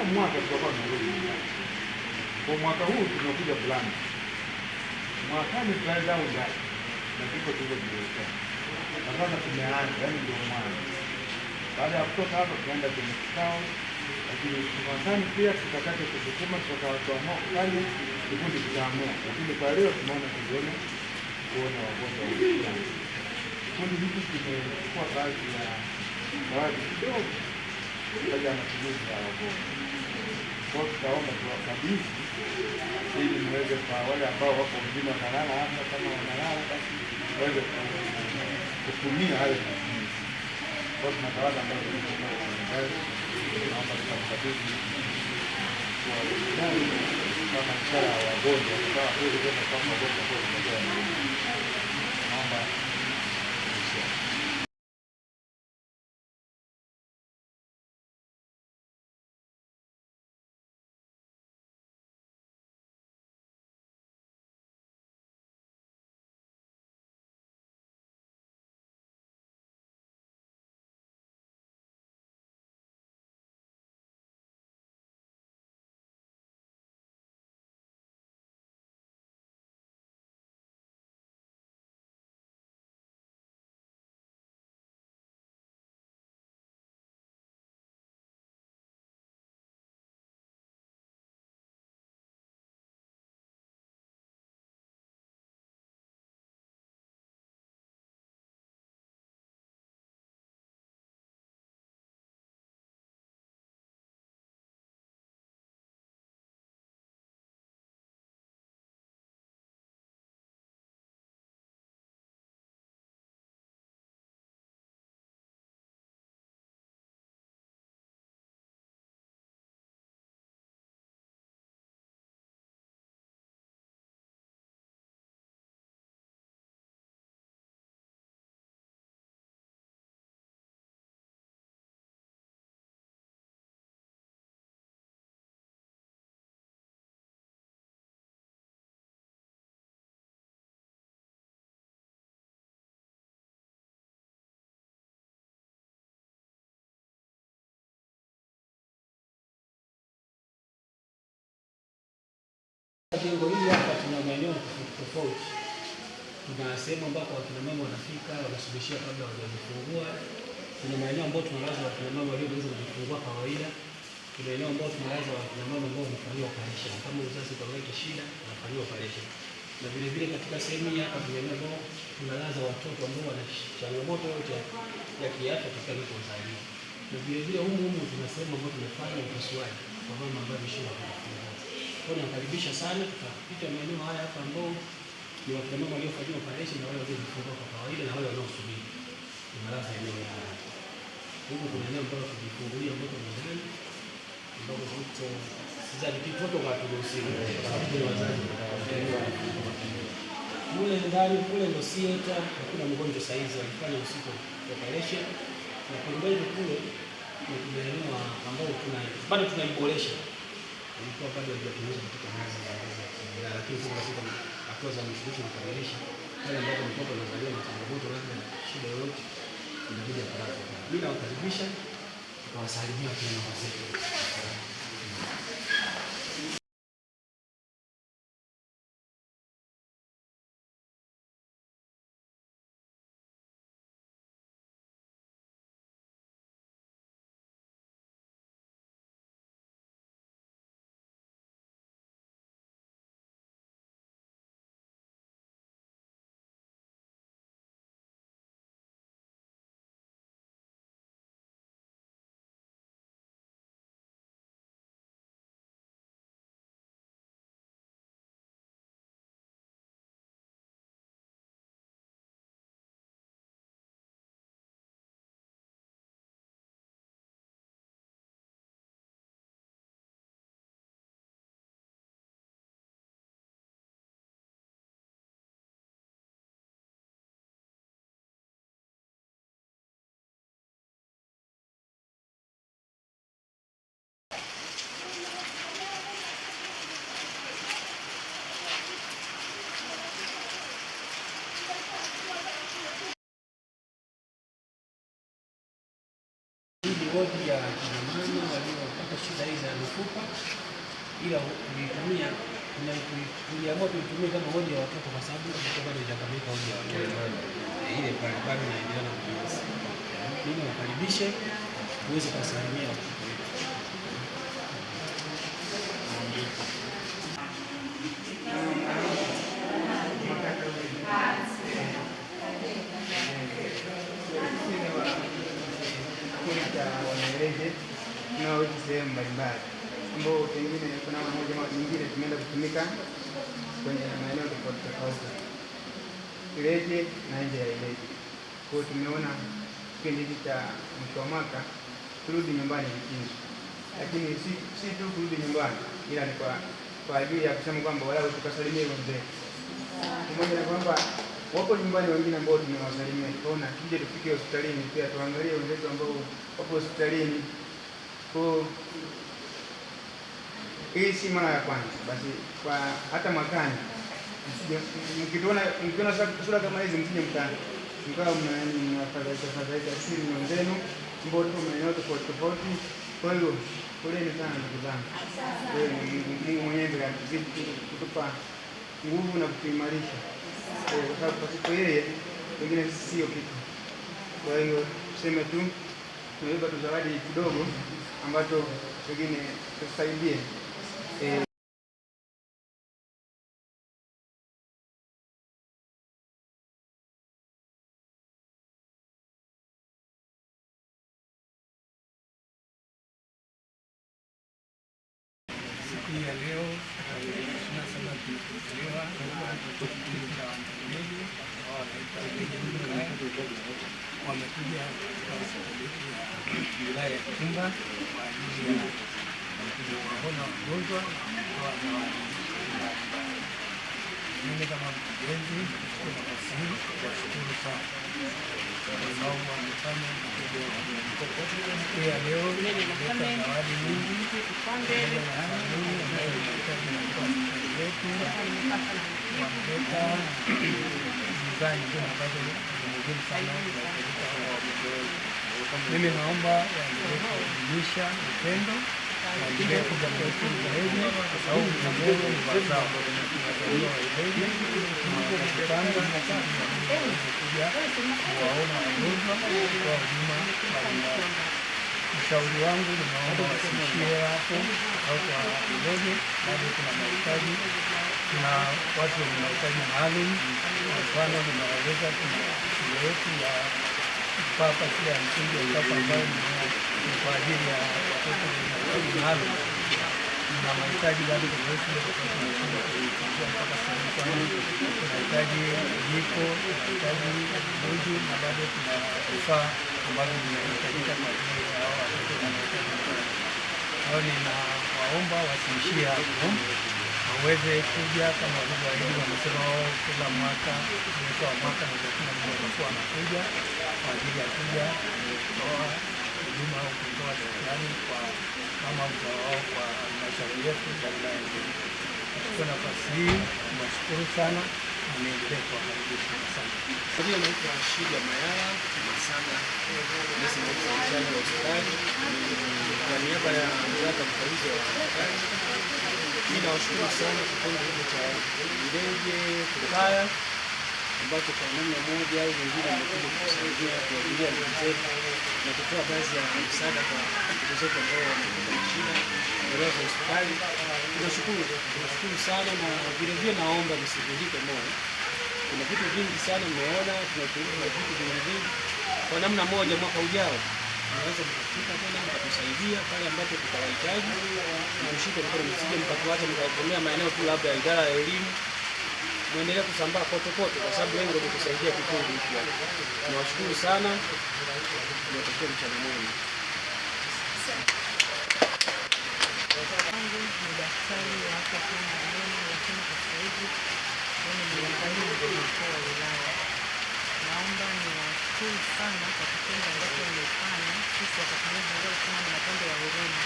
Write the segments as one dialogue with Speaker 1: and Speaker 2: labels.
Speaker 1: kila mwaka tutakuwa tunarudi nyumbani. Kwa mwaka huu tunakuja fulani, mwakani tutaenda ndani na kiko tulivyojiwekea na sasa tumeanza, yaani ndio mwanzo. Baada ya kutoka hapa, tunaenda kwenye kikao, lakini tunadhani pia tutakacho kusukuma tutakawakuamua kali yaani kikundi kitaamua, lakini kwa leo tunaona tuzione kuona wagonjwa fulani. Kikundi hiki kimekuwa baadhi ya baadhi kidogo kaja na shughuli za wagonjwa kwa tutaomba tuwakabidhi ili muweze kwa wale ambao wako wengine wanalala hapa, kama wanalala basi waweze kutumia hayo matumizi. Kwa tuna tawala ambayo tunaomba tuwakabidhi kwa kama ishara ya wagonjwa, kwa kweli kwamba wagonjwa kwa
Speaker 2: Jengo hili hapa tuna maeneo tofauti. Kuna sehemu ambapo wakina mama wanafika wanasubishia kabla hawajajifungua. Kuna maeneo ambayo tunalaza wakina mama walioweza kujifungua kawaida. Kuna eneo ambao tunalaza wakina mama ambao wamefanyiwa operation, kama uzazi ukaweka shida wanafanyiwa operation, na vile vile katika sehemu hii hapa kuna eneo ambao tunalaza watoto ambao wana changamoto yote ya kiafya katika kuzaliwa, na vile vile humu humu tuna sehemu ambayo tunafanya upasuaji kwa mama ambaye ameshinda kwa nakaribisha sana, tutapita maeneo haya hapa ambao ni wakina mama waliofanyiwa operation na wale waliojifungua kwa kawaida na wale wanaosubiri malazi eneo ya haya. Huko kuna eneo ambalo tujifungulia mtoto mezani ambapo mtoto sizani kitoto kwa turuhusiwa kwa sababu wazazi mule ndani kule ndo sieta, hakuna mgonjwa saizi, walifanya usiku operation na pembeni kule ni eneo ambao tuna bado tunaiboresha ilikuwa bado haijatumika katika ngazi za wilaya, lakini sasa katika hatua za mwisho kukamilisha pale ambapo mtoto anazaliwa na changamoto labda shida yoyote inabidi apelekwe. Mimi nawakaribisha tukawasalimia kwenye zetu. wodi ya kina mama waliopata shida hii za mifupa, ila kuitumia tuliamua tuitumie kama wodi ya watoto, kwa sababu mtoto bado hajakamilika wodi ya watoto eh, ile pale, bado inaendelea na mimi, wakaribishe uweze kuwasalimia watoto. sehemu mbalimbali ambao pengine kuna namna moja au nyingine tumeenda kutumika kwenye maeneo tofauti tofauti, Ileje na nje ya Ileje. Kwa hiyo tumeona kipindi hiki cha mwisho wa mwaka kurudi nyumbani likizo, lakini si, si tu kurudi nyumbani, ila ni kwa kwa ajili ya kusema kwamba walau tukasalimie wazee, pamoja na kwamba wapo nyumbani wengine ambao tumewasalimia, tukaona tuje tufike hospitalini pia tuangalie wenzetu ambao wapo hospitalini. Kwa hii si mara ya kwanza, basi kwa hata mwakani mkiona mkiona sura kama hizi msije mkana mkawa mnafadhaika fadhaika siri mwenzenu ambao tuko maeneo tofauti tofauti. Kwa hiyo poleni sana ndugu zangu, Mungu mwenyewe azidi kutupa nguvu na kutuimarisha, eh, kwa sababu pasipo yeye pengine sisi sio kitu. Kwa hiyo tuseme tu tunaweza tuzawadi kidogo ambacho pengine tusaidie. Eh, wamekuja katika hospitali ya wilaya ya Iringa kwa ajili ya kuwaona wagonjwa Mimi kama mkurugenzi nachukua nafasi hii kuwashukuru sana ambao wamefanya pia leo kuleta zawadi nyingi pamoja ambayo inahitaji katika hospitali yetu, wameleta mizani ambazo Tunawashukuru sana mimi naomba waendelee upendo waendelee kujitokeza zaidi, kwa sababu ni wazao kuja kuwaona wagonjwa kwa huduma mbalimbali. Ushauri wangu nimaomba wasiishie hapo au kwa waelele, bado kuna mahitaji na watu wenye mahitaji maalum. Kwa mfano, kuna yetu ya Mpapa shule ya msingi ya Mpapa ambayo ni kwa ajili ya watoto wenye maalum na mahitaji bado mpaka sasa, kwani tunahitaji jiko, tunahitaji uji na bado tuna vifaa ambavyo vinahitajika kwa ajili ya watoto wenye Kwa hiyo ninawaomba wasiishie hapo waweze kuja kama walivyoahidi. Wamesema wao kila mwaka, mwisho wa mwaka watakuwa nakuja kwa ajili ya kuja kutoa huduma au kutoa shukrani kwa kama mzaa wao kwa halmashauri yetu ya wilaya ya Njombe. Kwa nafasi hii nashukuru sana, ameendelea kuwakaribisha. Asante. Naitwa Shida Mayala wa hospitali kwa niaba ya mamlaka wa hospitali mimi nawashukuru sana kikundi hiki cha Ileje Kulukaya ambacho kwa namna moja au nyingine amekuja kutusaidia kuagilia ndugu zetu na kutoa baadhi ya msaada kwa ndugu zetu ambao wamekuta na shida kuelewa za hospitali. Tunashukuru, tunashukuru sana, na vilevile naomba msivunjike moyo. Kuna vitu vingi sana mmeona, tunachunguza vitu vingi vingi kwa namna moja mwaka ujao mnaweza kufika tena mkatusaidia pale ambapo tutawahitaji, mshike mkono, msije mkatuacha mkaegemea maeneo tu labda ya idara ya elimu. Mwendelee kusambaa kote kote, kwa sababu lengo ni kusaidia kikundi hiki. Niwashukuru sana, niwatakie mchana mwema. Daktari kwamba ni washukuru sana kwa kitendo ambacho wamefanya, sisi Wakatanzania tunaweza kama ni matendo ya huruma.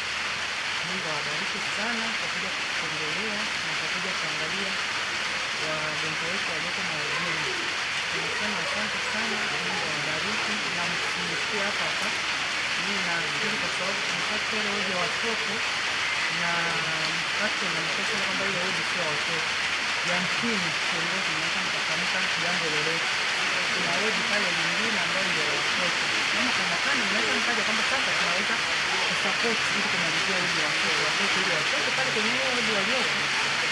Speaker 2: Mungu awabariki sana kwa kuja kutembelea na kwa kuja kuangalia wagonjwa wetu walioko maugini. Tunasema asante sana, Mungu awabariki na msikie hapa hapa. Mimi nafikiri kwa sababu tumepata ile wodi ya watoto na mkate na mkate kwamba ile wodi sio watoto ya msingi, kiongozi unaweza mkatamka jambo lolote kuna wodi pale nyingine ambayo ndio watoto. Kama kama makana mnaweza mkaja kwamba sasa tunaweza kusupport ili kumalizia wodi watoto watoto ili watoto pale kwenye hiyo wodi walioko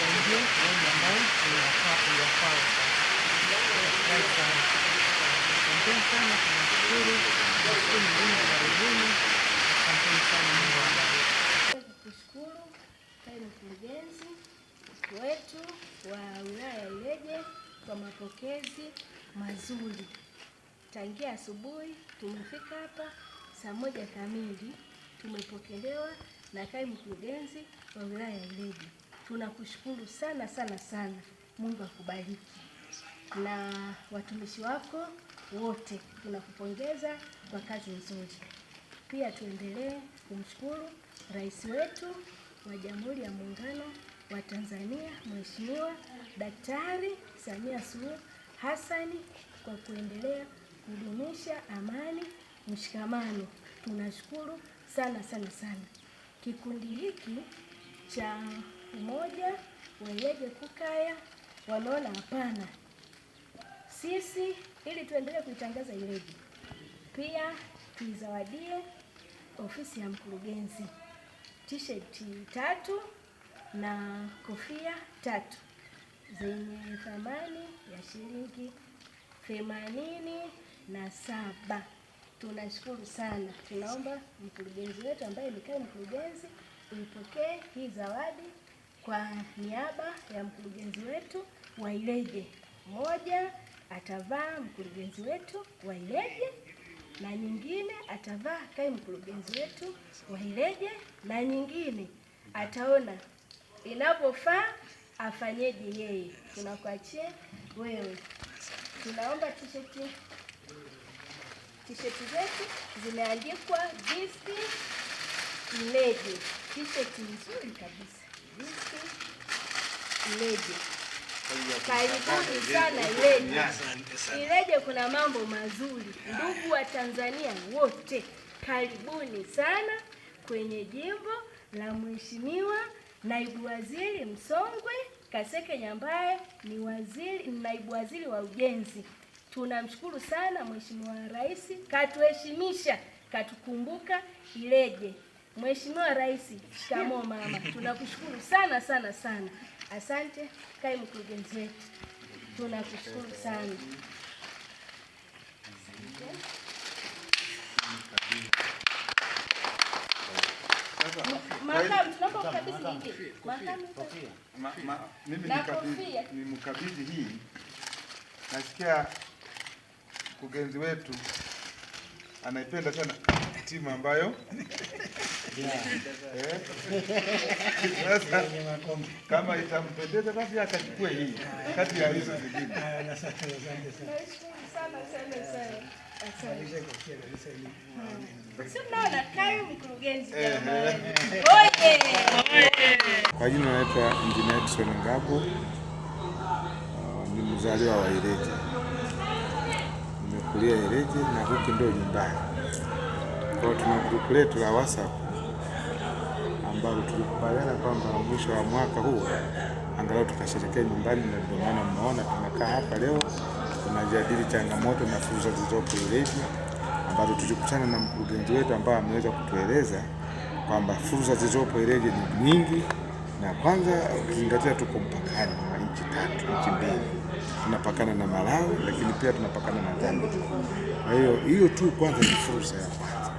Speaker 2: waingie wodi ambayo ni kuyafaa. Asante sana, tunashukuru karibuni. Asante sana Mungu
Speaker 3: awabariki. mkurugenzi wetu wa wilaya ya Ileje kwa mapokezi mazuri. Tangia asubuhi tumefika hapa saa moja kamili, tumepokelewa na kaimu mkurugenzi wa wilaya ya Ileje. Tunakushukuru sana sana sana. Mungu akubariki na watumishi wako wote, tunakupongeza kwa kazi nzuri. Pia tuendelee kumshukuru rais wetu wa Jamhuri ya Muungano wa Tanzania Mheshimiwa Daktari Samia Suluhu Hassan kwa kuendelea kudumisha amani, mshikamano. Tunashukuru sana sana sana. Kikundi hiki cha umoja wenyeji kukaya wanaona hapana, sisi ili tuendelee kuitangaza Ileje, pia tuizawadie ofisi ya mkurugenzi t-shirt tatu na kofia tatu zenye thamani ya shilingi themanini na saba. Tunashukuru sana. Tunaomba mkurugenzi wetu ambaye ni kaimu mkurugenzi uipokee hii zawadi kwa niaba ya mkurugenzi wetu wa Ileje. Moja atavaa mkurugenzi wetu wa Ileje na nyingine atavaa kaimu mkurugenzi wetu wa Ileje na nyingine ataona inavyofaa afanyeje yeye. tunakuachie wewe, tunaomba tisheti tisheti zetu zimeandikwa visi ileje, tisheti nzuri kabisa, visi ileje. Karibuni sana Ileje. Ileje kuna mambo mazuri, ndugu wa Tanzania wote, karibuni sana kwenye jimbo la mheshimiwa Naibu Waziri Msongwe Kaseke Nyambaye ni waziri, naibu waziri wa ujenzi. Tunamshukuru sana Mheshimiwa Rais, katuheshimisha, katukumbuka Ileje. Mheshimiwa Rais, shikamo mama, tunakushukuru sana sana sana. Asante kai mkurugenzi wetu, tunakushukuru sana.
Speaker 4: Mimi nimkabidhi hii, nasikia mkurugenzi wetu anaipenda sana timu ambayo eh? kama itampendeza basi akachukue hii kati ya hizo zingine.
Speaker 5: Kwa jina naitwa Injinia Edson Ngabu, uh, ni mzaliwa wa Ileje, nimekulia Ileje na huku ndio nyumbani. Kwa tuna grupu letu la WhatsApp ambalo tulikubaliana kwamba mwisho wa mwaka huu angalau tukasherekea nyumbani, na ndio maana mnaona tunakaa hapa leo tunajadili changamoto na fursa zilizopo Ilevi, ambazo tulikutana na mkurugenzi wetu ambaye ameweza kutueleza kwamba fursa zilizopo Ilevi ni nyingi, na kwanza ukizingatia tuko mpakani wa nchi tatu, nchi mbili, tunapakana na Malawi, lakini pia tunapakana na Zambia. Kwa hiyo hiyo tu kwanza ni fursa ya kwanza.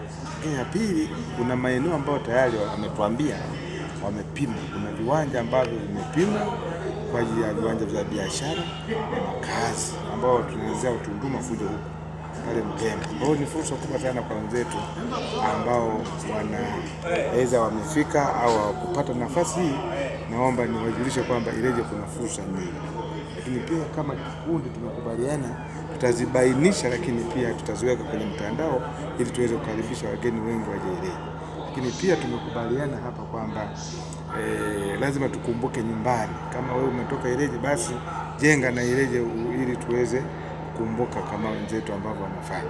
Speaker 5: Ya pili, kuna maeneo ambayo tayari wametuambia wamepima, kuna viwanja ambavyo vimepimwa kwa ajili ya viwanja vya biashara na makazi ambao tunaanzia utunduma kuja huku pale Mtembo. Kwa hiyo ni fursa kubwa sana kwa wenzetu ambao wanaweza wamefika au kupata nafasi hii, naomba niwajulishe kwamba Ileje kuna fursa nyingi, lakini pia kama kikundi tumekubaliana tutazibainisha, lakini pia tutaziweka kwenye mtandao ili tuweze kukaribisha wageni wengi waje Ileje, lakini pia tumekubaliana hapa kwamba e, lazima tukumbuke nyumbani. Kama wewe umetoka Ileje, basi jenga na Ileje ili tuweze kukumbuka kama wenzetu ambavyo wanafanya.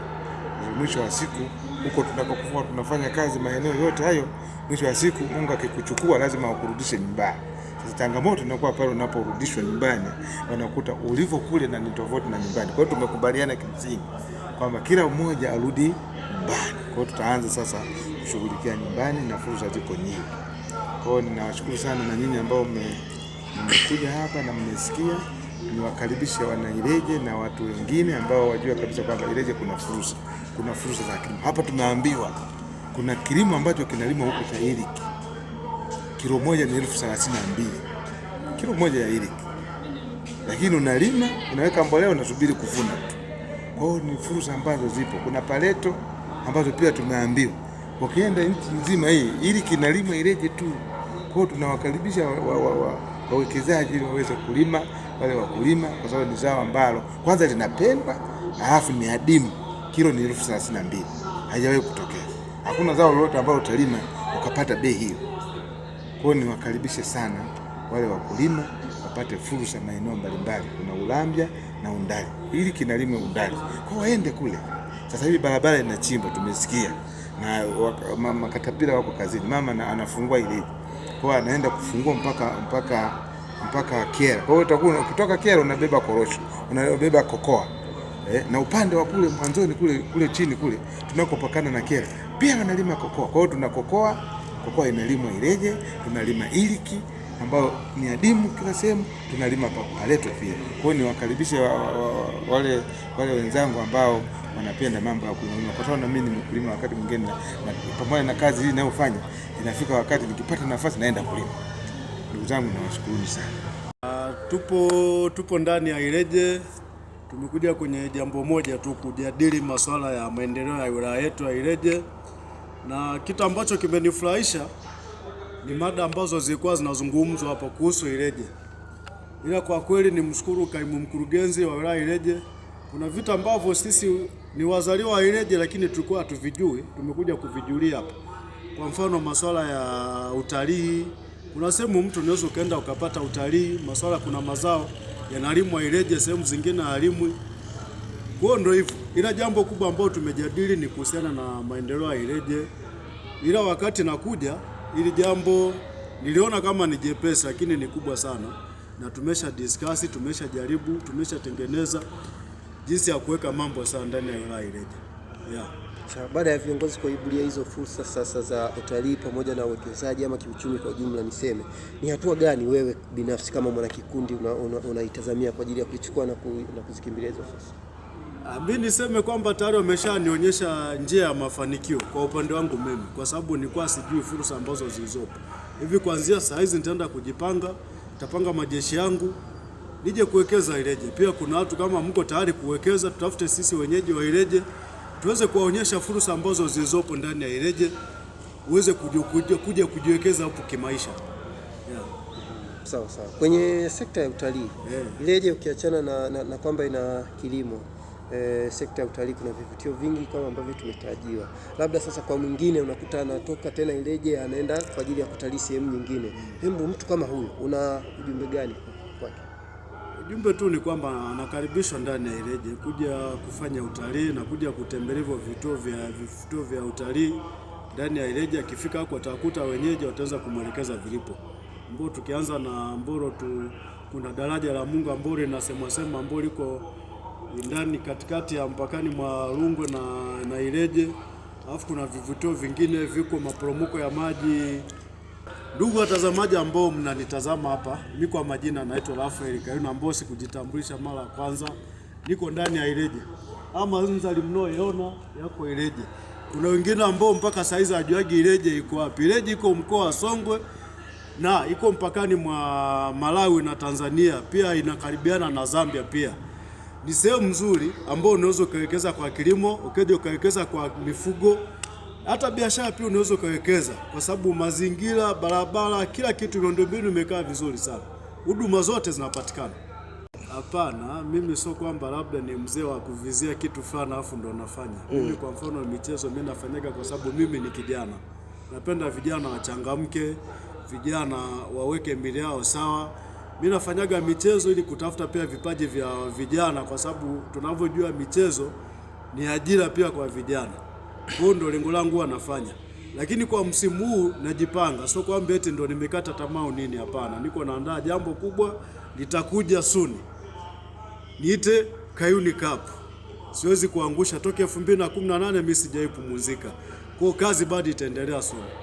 Speaker 5: Mwisho wa siku huko tunapokuwa tunafanya kazi, maeneo yote hayo, mwisho wa siku Mungu akikuchukua lazima wakurudishe nyumbani. Sasa changamoto inakuwa pale unaporudishwa nyumbani, wanakuta ulivyo kule na ni tofauti na nyumbani. Kwa hiyo tumekubaliana kimsingi kwamba kila mmoja arudi nyumbani. Kwa hiyo tutaanza sasa kushughulikia nyumbani na fursa ziko nyingi. Kwa hiyo ninawashukuru sana na nyinyi ambao mmekuja hapa na mmesikia, niwakaribishe wanaileje na watu wengine ambao wajua kabisa kwamba Ileje kuna fursa, kuna fursa za kilimo hapa. Tunaambiwa kuna kilimo ambacho kinalimwa huko cha iliki, kilo moja ni elfu thelathini na mbili kilo moja ya iliki, lakini unalima unaweka mbolea unasubiri kuvuna tu. Kwa hiyo ni fursa ambazo zipo. Kuna paleto ambazo pia tumeambiwa, ukienda nchi nzima hii ili kinalimwa Ileje tu. Kwa hiyo tunawakaribisha wawekezaji wa, wa, wa, ili waweze kulima wale wakulima, kwa sababu ni zao ambalo kwanza linapendwa, halafu ni adimu. Kilo ni elfu thelathini na mbili, haijawahi kutokea. Hakuna zao lolote ambalo utalima ukapata bei hiyo. Kwa hiyo niwakaribishe sana wale wakulima wapate fursa maeneo mbalimbali, kuna Ulambya na Undali, ili kinalimwe Undali kwa waende kule. Sasa hivi barabara inachimbwa, tumesikia na makatapira wako kazini, mama anafungua ile kwa anaenda kufungua mpaka mpaka mpaka Kiera. Kwa hiyo utakuwa ukitoka Kiera unabeba korosho, unabeba kokoa. Eh, na upande wa kule mwanzoni kule kule chini kule tunakopakana na Kiera pia wanalima kokoa. Kwa hiyo tuna kokoa, kokoa inalimwa Ileje, tunalima iliki ambayo ni adimu kila sehemu, tunalima paleto pia. Kwa hiyo niwakaribishe wale wale wenzangu ambao wanapenda mambo ya kulima. Kwa sababu na mimi ni mkulima, wakati mwingine pamoja na kazi hii ninayofanya, inafika wakati nikipata nafasi naenda kulima. Ndugu zangu, nawashukuruni sana. Uh, tupo
Speaker 6: tupo ndani ya Ileje, tumekuja kwenye jambo moja tu, kujadili masuala ya maendeleo ya wilaya yetu ya Ileje, na kitu ambacho kimenifurahisha ni mada ambazo zilikuwa zinazungumzwa hapo kuhusu Ileje, ila kwa kweli ni mshukuru kaimu mkurugenzi wa wilaya Ileje, kuna vitu ambavyo sisi ni wazaliwa wa Ileje, lakini tulikuwa hatuvijui, tumekuja kuvijulia hapa. Kwa mfano masuala ya utalii, kuna sehemu mtu unaweza ukaenda ukapata utalii, masuala kuna mazao yanalimwa Ileje, sehemu zingine halimwi. Kwa ndio hivyo, ila jambo kubwa ambalo tumejadili ni kuhusiana na maendeleo ya Ileje, ila wakati nakuja ili jambo niliona kama ni jepesi, lakini ni kubwa sana, na tumesha discuss, tumesha jaribu, tumesha tengeneza jinsi ya kuweka mambo sawa ndani ya wilaya Ileje. Yeah. Baada ya viongozi kuibulia hizo fursa sasa za utalii pamoja na uwekezaji ama kiuchumi kwa ujumla, niseme ni
Speaker 7: hatua gani wewe binafsi kama mwanakikundi unaitazamia una, una kwa ajili ya kuichukua na, ku, na kuzikimbilia hizo fursa? Ah, Mi niseme kwamba tayari wameshanionyesha njia ya mafanikio kwa upande wangu mimi, kwa sababu nilikuwa sijui fursa ambazo zilizopo hivi. Kuanzia saa hizi nitaenda kujipanga, nitapanga majeshi yangu nije kuwekeza Ileje. Pia kuna watu kama mko tayari kuwekeza, tutafute sisi wenyeji wa Ileje tuweze kuwaonyesha fursa ambazo zilizopo ndani ya Ileje uweze kuja kujiwekeza hapo kimaisha. Yeah. Sawa sawa. Kwenye sekta ya utalii yeah. Ileje ukiachana na, na, na kwamba ina kilimo E, sekta ya utalii kuna vivutio vingi kama ambavyo tumetarajiwa Labda sasa kwa mwingine unakuta anatoka tena Ileje anaenda kwa ajili ya kutalii sehemu nyingine. Mm. hebu mtu kama huyu una ujumbe gani? Ujumbe tu ni kwamba anakaribishwa ndani ya Ileje kuja
Speaker 6: kufanya utalii na kuja kutembelea hivyo vituo vya vituo vya utalii ndani ya Ileje. Akifika hapo atakuta wenyeji wataweza kumwelekeza vilipo. Mboro, tukianza na Mboro tu, kuna daraja la mungu Mboro inasemwa sema Mboro iko ndani katikati ya mpakani mwa Rungwe na, na Ileje, alafu kuna vivutio vingine viko maporomoko ya maji Ndugu watazamaji ambao mnanitazama hapa, mi kwa majina naitwa Rafael Kayuna, ambao sikujitambulisha mara ya kwanza. Niko ndani ya Ileje ama nzali mnaoiona yako Ileje. Kuna wengine ambao mpaka saizi hawajuagi Ileje iko wapi. Ileje iko mkoa wa Songwe na iko mpakani mwa Malawi na Tanzania, pia inakaribiana na Zambia. Pia ni sehemu nzuri ambayo unaweza ukawekeza kwa kilimo, ukaja ukawekeza kwa mifugo hata biashara pia unaweza ukawekeza, kwa sababu mazingira, barabara, kila kitu, miundombinu imekaa vizuri sana, huduma zote zinapatikana. Hapana, mimi sio kwamba labda ni mzee wa kuvizia kitu fulani afu ndo nafanya mm. Mimi kwa mfano michezo mimi nafanyaga kwa sababu mimi ni kijana, napenda vijana wachangamke, vijana waweke mbili yao sawa. Mimi nafanyaga michezo ili kutafuta pia vipaji vya vijana, kwa sababu tunavyojua michezo ni ajira pia kwa vijana. Huo ndio lengo langu anafanya, lakini kwa msimu huu najipanga, sio kwamba eti ndio nimekata tamaa nini. Hapana, niko naandaa jambo kubwa litakuja soon, niite Kayuni Cup. Siwezi kuangusha toka 2018 mimi sijaipumzika, kwa kazi bado itaendelea soon.